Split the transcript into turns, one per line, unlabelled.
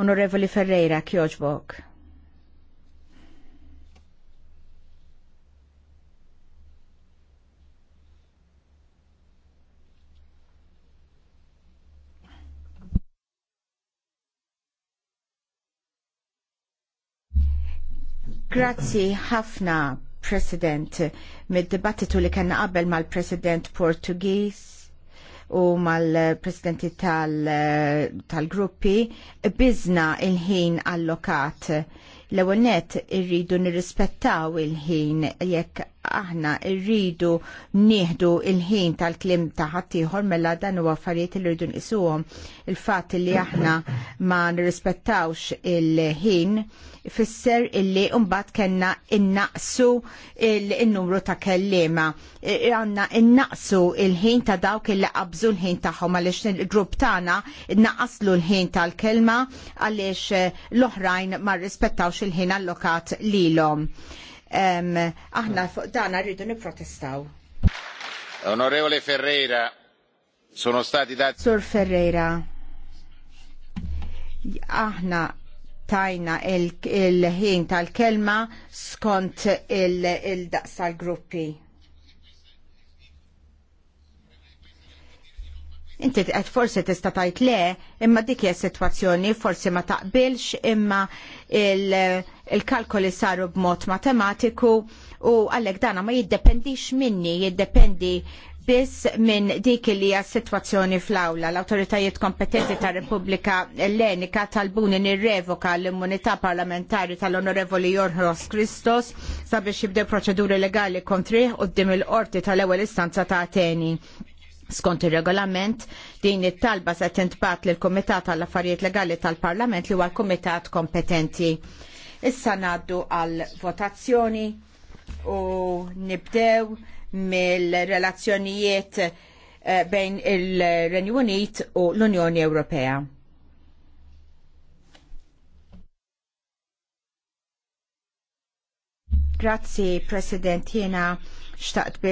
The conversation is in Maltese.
Onorevoli Ferreira, kjoġbok. Grazzi ħafna, President, mid-dibattitu li kena qabel mal-President Portugis u mal-presidenti tal-gruppi tal bizna il-ħin allokat. L-ewwel irridu nirrispettaw il-ħin jekk aħna rridu nieħdu il-ħin tal-klim ta' ħaddieħor mela dan huwa affarijiet li rridu nqisuhom il-fatt li aħna ma nirrispettawx il-ħin fisser illi mbagħad kellna innaqsu il-numru ta' kellima. Għandna innaqsu il-ħin ta' dawk illi qabżu l-ħin tagħhom għaliex il-grupp tagħna naqaslu l-ħin tal-kelma għaliex l-oħrajn ma rrispettawx il-ħin allokat lilhom aħna fuq dan rridu nipprotestaw. Onorevole Ferreira, sono stati dati. Sur Ferreira, aħna tajna il-ħin tal-kelma skont il-daqs tal-gruppi. Inti qed forsi tista' tgħid le, imma dik hija sitwazzjoni forsi ma taqbilx imma il- il-kalkoli saru b'mod matematiku u għallek dana ma jiddependix minni, jiddependi biss minn dik li hija situazzjoni fl-awla. l awtoritajiet kompetenti tar Repubblika Ellenika talbuni nirrevoka l-immunità parlamentari tal-Onorevoli Jorgos Christos sabiex jibdew proċeduri legali kontrih quddiem il-qorti tal-ewwel istanza ta' Ateni. Skont ir-regolament, din it-talba se tintbat lill kumitat tal-Affarijiet Legali tal-Parlament li huwa l-Kumitat kompetenti. Issa naddu għal votazzjoni u nibdew mill-relazzjonijiet eh, bejn il-Renju Unit u l-Unjoni Ewropea. Grazzi, President, jena xtaqt